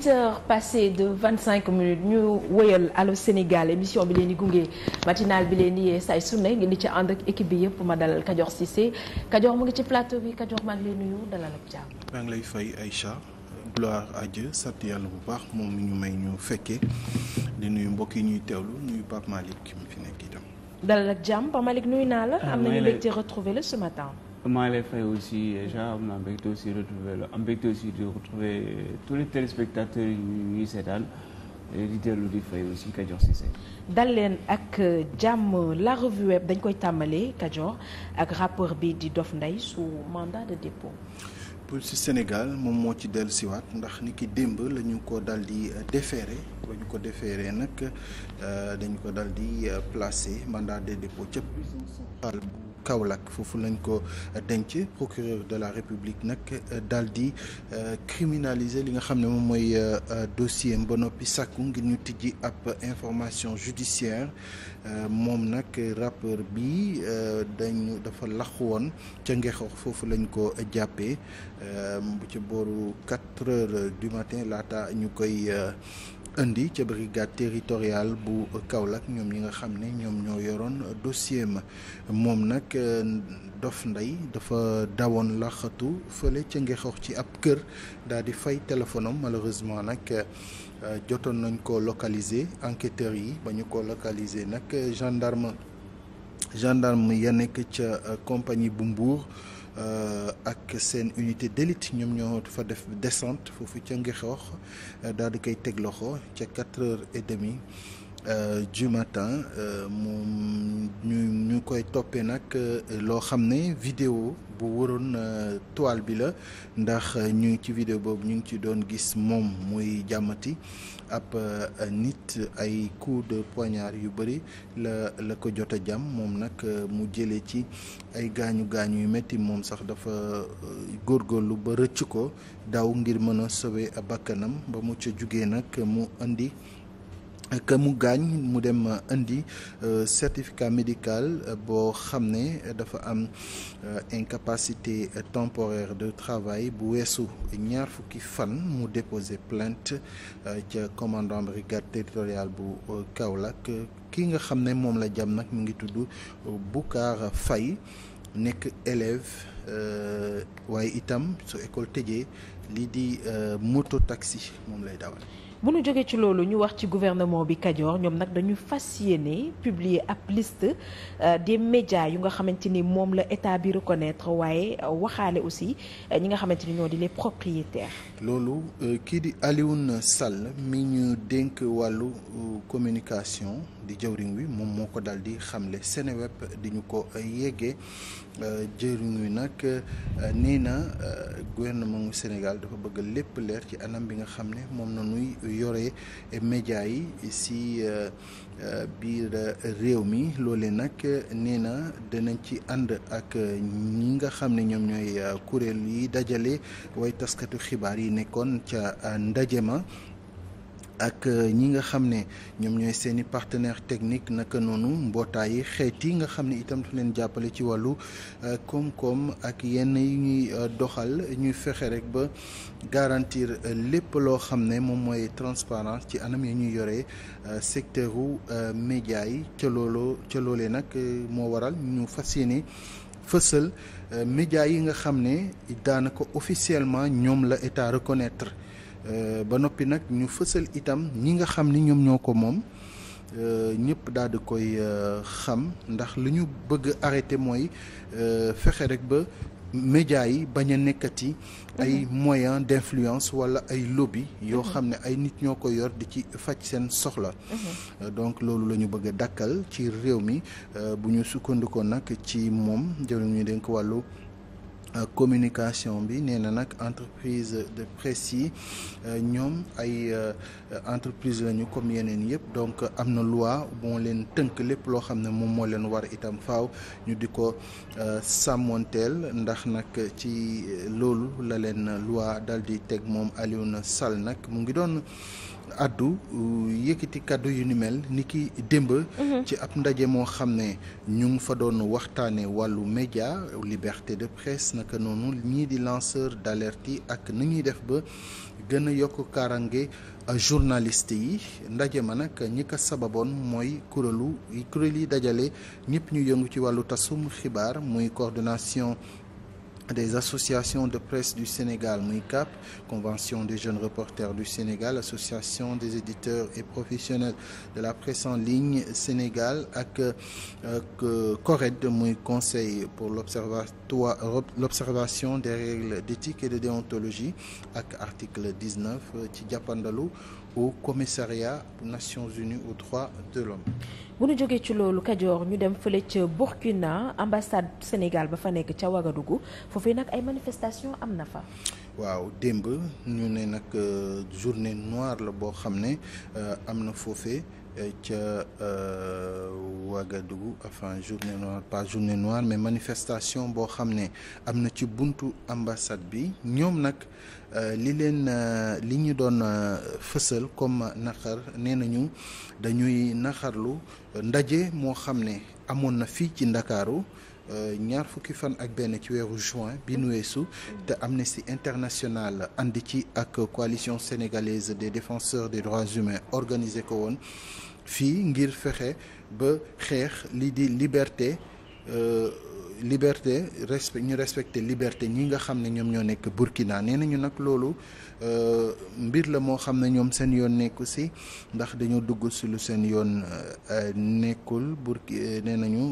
huit heures passées de vingt cinq minutes ñu wëyal Allô Sénégal émission bi leen di gunge matinal bi leen di yee saay su ne ngeen di ci ànd ak bi yëpp ma dalal Kajoor Cissé Kajoor mu ngi ci plateau bi Kajoor maa ngi lay nuyu dalal ak jàmm. maa ngi lay fay Aïcha gloire à Dieu sant yàlla bu baax moom mi ñu may ñu fekkee di nuyu mbokk yi ñuy teewlu nuyu Pape Malick mi fi nekk itam. dalal ak jàmm Pape Malick nuyu naa la. Ah, am nañu mbégte retrouver la ce matin. maa lay fay aussi déjà am na mbégte aussi retrouver la am mbégte aussi de retrouver tous yi ñuy seetaan di dellu di fay aussi Kadior Cissé dal leen ak euh, jàmm la revue web dañ koy tàmbalee Kadior ak rappeur bii di Dof Ndeye su mandat de dépôt si Sénégal moom moo ci dellu siwaat ndax ni ki démb la ñu ko dal di euh, déféré ba ko déféré nag euh, dañu ko dal di euh, placé mandat de dépôt ca prison centrale bu Kaolack foofu lañ ko denc procureur de la République nag dal di criminaliser li nga xam ne moom mooy dossier ba noppi sàkku ngir ñu tijji ab information judiciaire moom nag rappeur bi dañu dafa lax woon ca ngexox foofu lañ ko jàppee Euh, bu ci booru quatre heures du matin laata ñu koy euh, indi ca brigade territoriale bu Kaolack ñoom ñi nga xam ne ñoom ñoo yoroon dossier ma moom nag euh, Dof Ndeye dafa dawoon laxatu fële ca ngexox ci ab kër daal di fay téléphone am malheureusement nag jotoon nañ ko localiser enquêteurs yi ba ñu ko localiser nag gendarme gendarme ya nekk ca compagnie bu mbuur Euh, ak seen unité d'élite ñoom ñoo fa def descente foofu ca ngi ngexoox euh, daal di koy teg loxo ca quatre heures et demie Euh, du matin euh, moom ñu koy toppee nag euh, loo xam ne vidéo bu waroon euh, toile bi la ndax ñu ci vidéo boobu ñu ngi ci doon gis moom muy jàmmati ab nit ay coup de poignard yu bëri la la ko jot a jàmm moom nag mu jëlee ci ay gaañu gaañu yu metti moom sax dafa góor góor lu ba rëcc ko daw ngir mën a sauver bakkanam ba mu ca jugee nag mu indi. que mu gaañ mu dem euh, indi euh, certificat médical euh, boo xam ne dafa am incapacité temporaire de travail bu weesu ñaar fukki fan mu déposé plainte ca commandant brigade territoriale bu Kaolack ki nga xam ne moom la jam nag mu ngi tudd Boucar fay nekk élève waaye itam su école tëjee lii di moto taxi moom lay dawal. bu nu jógee ci loolu ñu wax ci gouvernement bi Kajoor ñoom nag dañu fas yéene publier ab list euh, des médias yu nga xamante ni moom la état bi reconnaître waaye euh, waxaale aussi euh, ñi nga xamante ni ñoo di les propriétaires. loolu kii di Alioune Sall mi ñu dénk wàllu communication di jawriñ wi moom moo ko daal di xamle Seneweb di ñu ko yeggee jawriñ wi nag nee na gouvernement Sénégal dafa bëgg lépp leer ci anam bi nga xam ne moom na nuy yore média yi si euh, euh, biir euh, réew mi loole nag nee na danañ ci ànd ak ñi nga xam ne ñoom ñooy kuréel yi dajale way taskatu xibaar yi nekkoon ca ndaje ma ak euh, ñi nga xam ne ñoom ñooy seeni i technique techniques naka noonu mbootaay yi xeet yi nga xam ne itam dafa leen jàppale ci wàllu euh, koom-koom ak yenn yi ñuy euh, doxal ñuy fexe rek ba garantir lépp loo xam ne moom mooy transparence ci anam yi ñuy yoree secteur u média yi ca looloo ca loolee nag moo waral ñu fas yéene fësal média yi nga xam ne daanaka officiellement ñoom la état reconnaître Euh, ba noppi nag ñu fësal itam ñi nga xam ni ñoom ñoo ko moom euh, ñëpp daal di koy euh, xam ndax li ñu bëgg arrêté mooy fexe rek ba média yi bañ a nekkati ay mhm. moyens d'influence wala ay lobby yoo mhm. xam ne ay nit ñoo ko yor di ci faj seen soxla mhm. donc loolu la ñu bëgg dakkal ci réew mi bu ñu sukkandikoo nag ci moom jëwriñ ñu dénk wàllu Euh, communication bi nee na nag entreprise de presse yi euh, ñoom ay euh, entreprise lañu comme yeneen yëpp donc am na loi moo leen tënk lépp loo xam ne moom moo leen war itam faw ñu di ko sàmmonteel ndax nag ci loolu la leen loi dal di teg moom na Sall nag mu ngi doon addu euh, yëkkati kàddu yu ni mel ni ki démb mhm. ci ab ndaje moo xam ne ñu ngi fa doon waxtaane wàllu média liberté de presse naka noonu ñii di lanceur d'alerte yi ak ni ñuy def ba gën a yokk kaarange euh, journaliste yi ndaje ma nag ñi ko sababoon mooy kuréelu kuréel yi dajale ñëpp ñu yëngu ci wàllu tasum xibaar mooy coordination des associations de presse du Sénégal muy CAP convention des jeunes reporters du Sénégal association des éditeurs et professionnels de la presse en ligne Sénégal ak ak euh, CORED muy conseil pour l'observatoire l'observation des règles d'éthique et de déontologie ak article 19 ci jàppandalu au commissariat Nations Unies aux droits de l'homme bu ñu jógee ci loolu Kajoor ñu dem fële ca Burkina ambassade Sénégal ba fa nekk ca dugg foofee nag ay manifestations am na fa. waaw démb ñu ne nag euh, journée noire la boo xam ne euh, am na foofe euh, ca Ouagadougou enfin journée noire pas journée noire mais manifestation boo xam ne am na ci buntu ambassade bi ñoom nag li leen li ñu doon fësal comme naqar nee nañu dañuy naqarlu ndaje moo xam ne amoon na fii ci Ndakaaru Euh, ñaar fukki fan ak benn ci weeru juin bi nu weesu te Amnesty International ànd ci ak coalition sénégalaise des défenseurs des droits humains organisé ko woon fii ngir fexe ba xeex li di liberté Euh, liberté respect ñu respecter liberté ñi nga xam ne ñoom ñoo nekk Burkina nee nañu nag loolu euh, mbir la moo xam ne ñoom seen yoon nekku si ndax dañoo dugg si lu seen yoon euh, nekkul Burki nee nañu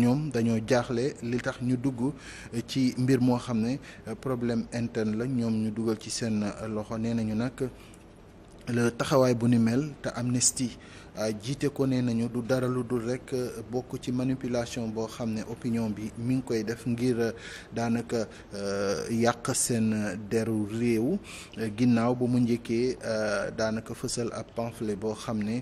ñoom dañoo jaaxle li tax ñu dugg ci mbir moo xam ne problème interne la ñoom ñu dugal ci seen loxo nee nañu nag taxawaay bu ni mel te amnistie Euh, jiite ko ne nañu du dara lu dul rek euh, bokk ci manipulation boo xam ne opinion bi mi ngi koy def ngir euh, daanaka yàq seen deru réew ginnaaw ba mu njëkkee daanaka fësal ab pamphlet boo xam ne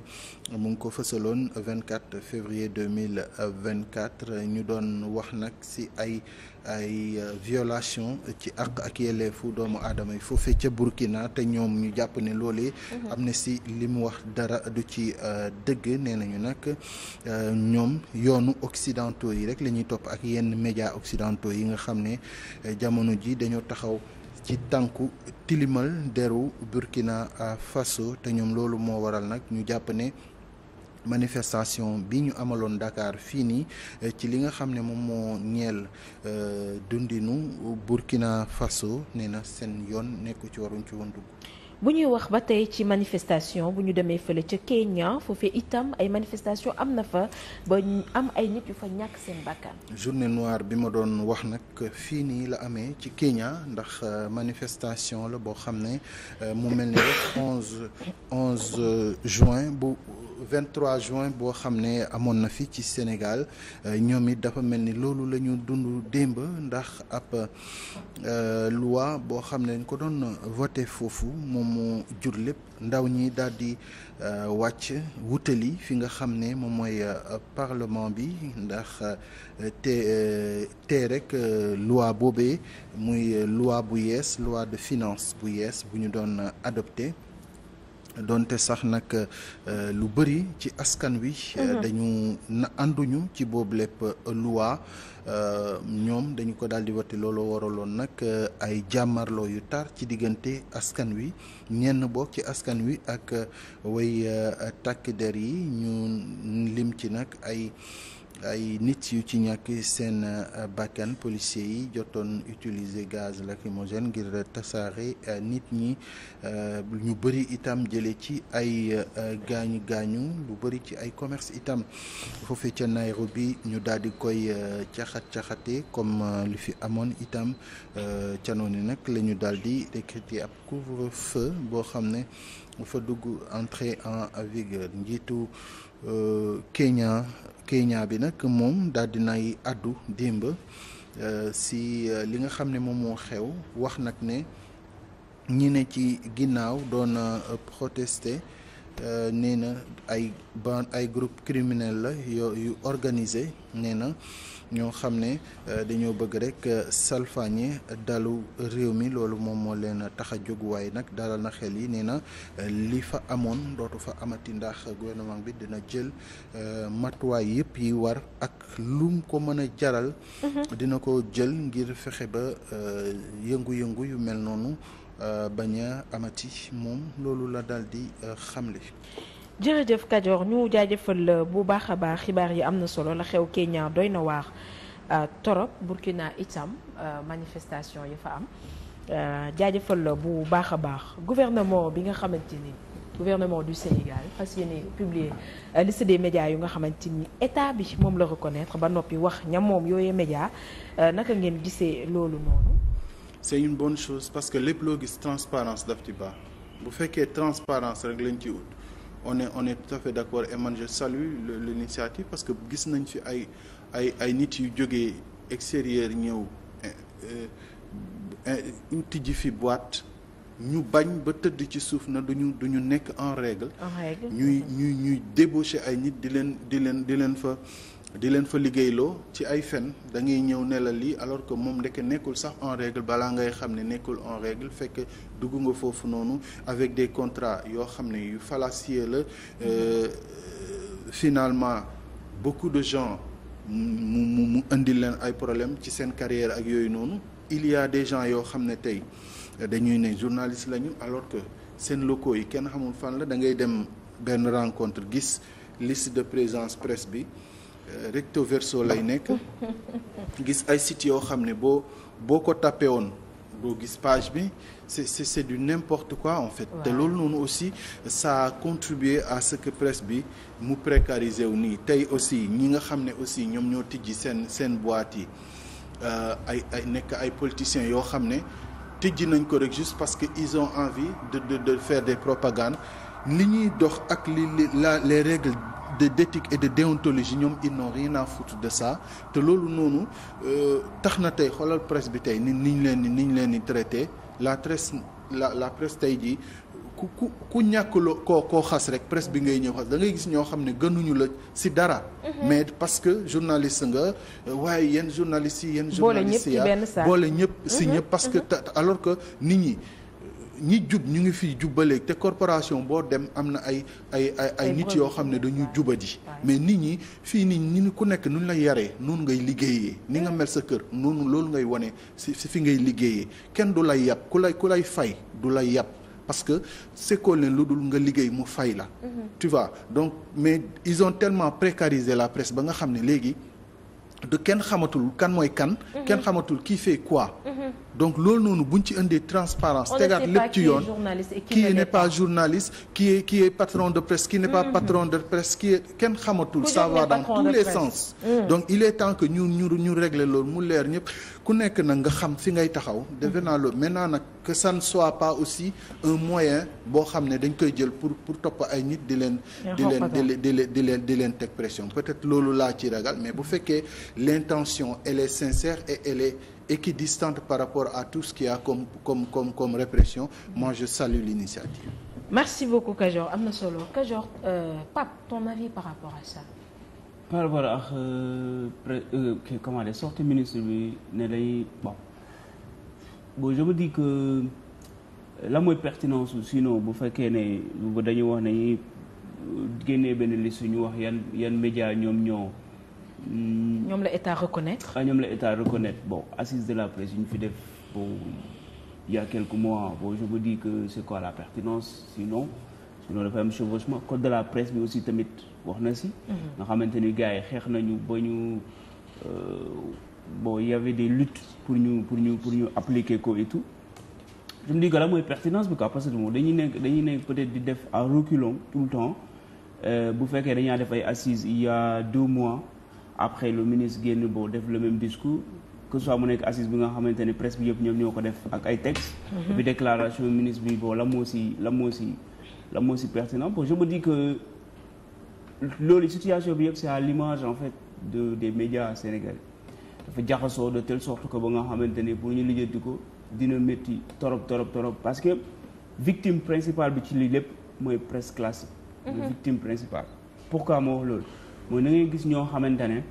mu ngi ko fësaloon 24 février 2024 ñu doon wax nag si ay. ay euh, violation ci àq ak yelleefu doomu aadama yi foofee ca Burkina te ñoom ñu jàpp ne loole mhm. am na si li mu wax dara du ci euh, dëgg nee nañu nag euh, ñoom yoonu occidentaux yi rek la ñuy topp ak yenn médias occidentaux yi nga xam ne jamono ji dañoo taxaw ci tànku tilimal deru Burkina Faso te ñoom loolu moo waral nag ñu jàpp ne. manifestation bi ñu amaloon Dakar fii nii eh, ci li nga xam ne moom moo ñeel eh, dundinu Burkina Faso ne na seen yoon nekku ci waruñ ci woon dugg. bu ñuy wax ba tey ci manifestation bu ñu demee fële ca Kenya foofee itam ay manifestation am na fa ba am ay nit yu fa ñàkk seen bakkan. journée noire bi ma doon wax nag fii nii la amee ci Kenya ndax euh, manifestation la boo xam ne euh, mu mel ni rek onze onze euh, juin bu. 23 juin boo xam ne amoon na fi ci Sénégal ñoom it dafa mel ni loolu la ñu dund démb ndax ab loi boo xam ne dañ ko doon voté foofu moom mu jur lépp ndaw ñi daal di euh, wàcc wutali fi nga xam ne moom mooy euh, parlement bi ndax euh, te te rek loi boobee muy loi bu yees loi de finance bu yees bu ñu doon adopté donte sax nag euh, lu bëri ci askan wi. Euh, mhm. dañu na ànduñu ci boobu lépp euh, loi ñoom dañu ko daal di wate looloo waraloon nag ay jàmmarloo yu tar ci diggante askan wi ñenn bokk ci askan wi ak way takk der yi ñu lim ci nag ay. ay nit yu ci ñàkk seen euh, bakkan policiers yi jotoon utiliser gaz lacrymogène ngir tasaare euh, nit ñi euh, ñu bëri itam jële ci ay gaañu gaañu lu bëri ci ay commerce itam foofee ca Nairobi ñu daal di koy caxat caxate comme lu fi amoon itam ca noonu nag la ñu daal di décréter ab couvre-feu boo xam ne fa dugg entrée en vigueur njiitu. Euh, Kenya Kenya bi nag moom daldi dinay àddu démb euh, si euh, li nga xam ne moom moo xew wax nag ne ñi ne ci ginnaaw doon protester Euh, nee na ay ba ay groupe criminel la yoo yu organisé nee na ñoo xam ne euh, dañoo bëgg rek euh, salfaañe dalu réew mi loolu moom moo leen tax a jóg nag dalal na xel yi nee na li fa amoon dootu fa amati ndax gouvernement bi dina jël matuwaay yëpp yi war ak lu ko mën a jaral. Mm-hmm. dina ko jël ngir fexe ba yëngu-yëngu yu mel noonu. Euh, bañ a amati moom loolu la daal di euh, xamle. jërëjëf Kajoor ñu jaajëfal euh, bu baax a baax xibaar yi am na solo la xew Kenya doy na waax torop Burkina itam manifestation ya fa am jaajëfal la bu baax a baax gouvernement bi nga xamante ni gouvernement du Sénégal fas yéene publier liste des médias yu nga xamante ni état bi moom la reconnaître ba noppi wax ña moom yooyu média naka ngeen gisee loolu noonu. c' est une bonne chose parce que lép loo gis transparence daf ci baax bu fekkee transparence rek lañ ci ut on est on est tout à fait d' accord et man je salue l'initiative parce que gis nañ fi ay ay ay nit yu jógee extérieur ñëw eh, eh, eh, ji fi boite ñu bañ ba tëdd ci suuf na duñu du ñu nekk en règle ñuy ñuy ñuy débaucher ay nit di leen di leen di leen fa di leen fa liggéeyloo ci ay fen da ngay ñëw ne la alors que moom ndekk nekkul sax en règle balaa ngay xam ne nekkul en règle fekk dugg nga foofu noonu avec des contrats yoo xam ne yu fallacieux la euh, finalement beaucoup de gens mu mu indi leen ay problème ci seen carrière ak yooyu noonu il y des gens yoo xam ne tey dañuy ne journaliste lañu alors que seen locaux yi kenn xamul fan la da ngay dem benn rencontre gis liste de présence presse bi recto verso lay nekk gis ay sites yoo xam ne boo boo ko tapé woon boo gis page bi c'est c'est du n'importe quoi en fait te loolu noonu aussi ça a à ce que presse bi mu précariser wu nii tey aussi ñi nga xam ne aussi ñoom ñoo tijji seen seen boîte yi euh, ay ay nekk ay politiciens yoo xam ne tijji nañ ko rek juste parce que ils ont envie de de de faire des propagandes li ñuy dox ak li la de d'éthique et de déontologie ñoom ils n'ont rien à foutre de ça te loolu noonu euh, tax na tey xoolal presse bi tey ni niñ leen ni ñu leen di traité la presse la la presse tey jii ku ku ku ñàkk loo koo xas rek presse bi ngay ñëw xas da ngay gis ñoo xam ne gënuñu la si dara. Mm-hmm. mais parce que journaliste nga euh, waaye yenn journaliste yi yenn. journaliste yi boole ñëpp si ah, benn boole ñëpp si mm-hmm. ñëpp parce que mm-hmm. alors que nit ñi. ñi jub ñu ngi fii jubalee te corporation boo dem am na ay ay ay nit yoo xam ne dañuy jubadi mais nit ñi fii nii ñi ku nekk nu ñu la yaree noonu ngay liggéeyee ni nga mel sa kër noonu loolu ngay wone si si fi ngay liggéeyee kenn du lay yàpp ku lay ku lay fay du lay yàpp parce que sekkoo leen lu dul nga liggéey mu fay la mm-hmm. tu vois donc mais ils ont tellement précarisé la presse ba nga xam ne léegi de kenn xamatul kan mooy kan. Mhm. kenn xamatul kii fait quoi. Mhm. donc loolu noonu bu ñu ci indee transparence tegaat lépp ci yoon qui n'est pas journaliste qui est qui est patron de presse qui n'est pas mhm. patron de presse qui est kenn xamatul ça va tous les sens donc il est temps que ñu ñu ñu régler loolu mu leer ñëpp ku nekk na nga xam fi ngay taxaw defe mhm. naa loolu maintenant nag que ça ne soit pas aussi un moyen boo xam ne dañ koy jël pour pour topp ay nit di leen di leen di leen di leen di leen teg pression peut-être loolu laa ci ragal mais bu fekkee l'intention elle est sincère et elle est équidistante par rapport à tout ce qu'il y a comme comme comme comme répression moi je salue l'initiative merci beaucoup Kajor am na solo Kajor euh, Pape ton avis par rapport à ça par rapport ak euh, pré euh, comment dire sortie ministre bi ne day bon bon je me dis que euh, la mooy pertinence sinon bu fekkee ne bu dañuy wax nañu génne benn li suñu wax yan yan média ñoom ñoo. Mm, ñoom la état reconnaître. ah ñoom la état reconnaître bon assise de la presse ñu fi def bon il y a quelques mois bon je me dis que c'est quoi la pertinence sinon. loolu dafa am chevauchement code de la presse bi aussi tamit wax na si. Mhm. nga xamante ni gars yi xeex nañu ba ñu euh, bon y avait des luttes pour ñu pour ñu pour ñu appliquer ko et tout. di me dis que là bi quoi parce que moom dañuy nekk dañuy nekk peut di def à reculons tout le temps euh, bu fekkee dañaa def ay assises il y deux mois après le ministre génn boo def le même discours. que soit mu nekk assise bi nga xamante ne presse yëpp ñoom ñoo ko def ak ay textes. Mhm. et déclaration ministre bi boo la moo si la moo si la moo si pertinent bon je me dis que loolu situation bi yëpp c'est à l'image en fait de des médias sénégalais dafa jaxasoo de telle sorte que ba nga xamante ni pour ñu lijjanti ko dina métti torop torop torop parce que victime principal bi ci lii lépp mooy presse classique mooy mhm. victime principale pourquoi moo wax loolu mooy da ngay gis ñoo xamante ne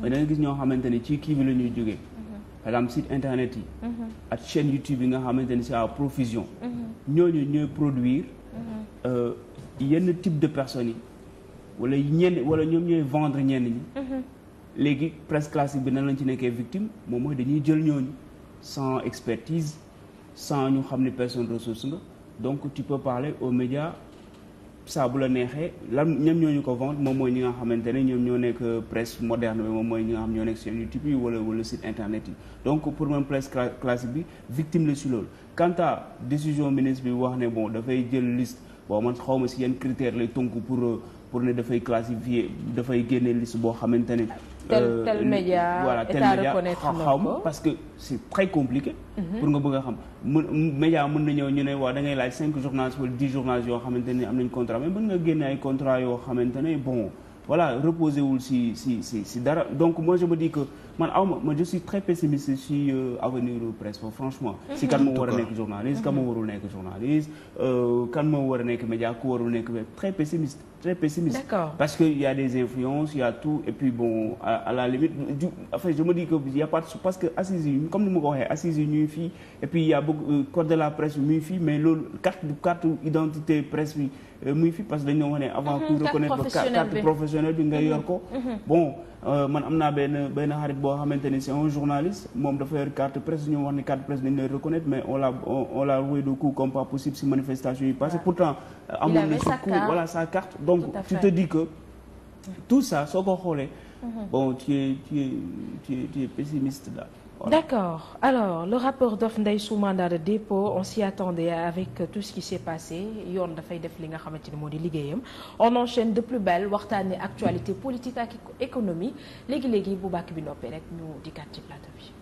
da mhm. gis ñoo xamante ne ci kii bi la ñuy jógee mhm. par site internet yi ak chaîne YouTube yi nga xamante ne Euh, yenn type de personnes yi wala ñenn wala ñoom ñooy vendre ñenn ñi. Mhm. léegi presse classique bi nan lañ ci nekkee victime moom mooy dañuy jël ñooñu sans expertise sans ñu xam ne personne ressource nga donc tu peux parler aux médias saa bu la neexee lan ñoom ñoo ñu ko vendre moom mooy ñi nga xamante ne ñoom ñoo nekk presse moderne bi moom mooy ñu nga xam ñoo nekk sur YouTube yi wala wala site internet yi donc pour moom presque classique bi victime la si loolu. quant à décision ministre bi wax ne bon dafay jël liste. bon man xaw ma si yan critère lay tënku pour pour ne dafay classifier dafay génne liste boo xamante tel euh, tel média ma parce que c' est très compliqué. Mhm. pour nga bëgg a xam mën média mën na ñëw ñu ne waa da ngay laaj cinq journalistes wala dix journalistes yoo xamante am nañ contrat mais mën nga génne ay contrat yoo xamante bon voilà reposé wul si si si dara donc moi je me dis que. man aw ma man je suis très pessimiste si euh, avenir presse ba franchement. Mhm. si kan moo war a nekk journaliste mhm. kan moo warul nekk journaliste euh, kan moo war a nekk média ku warul nekk très pessimiste très pessimiste. parce que y a des influences y a tout et puis bon à, la limite je me dis que y parce que assises comme ni ma ko waxee assises yi fii et puis y a beaucoup euh, code de la presse muy fii mais loolu identité presse bi muy parce que dañu doon wax ne avant. pour mhm, reconnaître carte bi nga yor ko bon. Euh, man am naa benn benn xarit boo xamante ni c'est un journaliste moom dafa yor carte presse ñu wax ni carte presse dañu lay reconnaître mais on l'a on l'a roué de coups comme pas possible si manifestation yi passé pourtant amoon na sa coup voilà sa carte donc tu te dis que tout ça soo ko xoolee mm-hmm. bon tu es tu es tu es pessimiste là Voilà. D'accord. Alors, le rapport d'offre Ndeye sous mandat de dépôt, on s'y attendait avec tout ce qui s'est passé. yoon dafay def li nga xamante ni moo di liggéeyam. On enchaîne de plus belle waxtaane actualité politique ak économie léegi-léegi bu bàkk bi noppee rek di dikkaat ci plateau bi.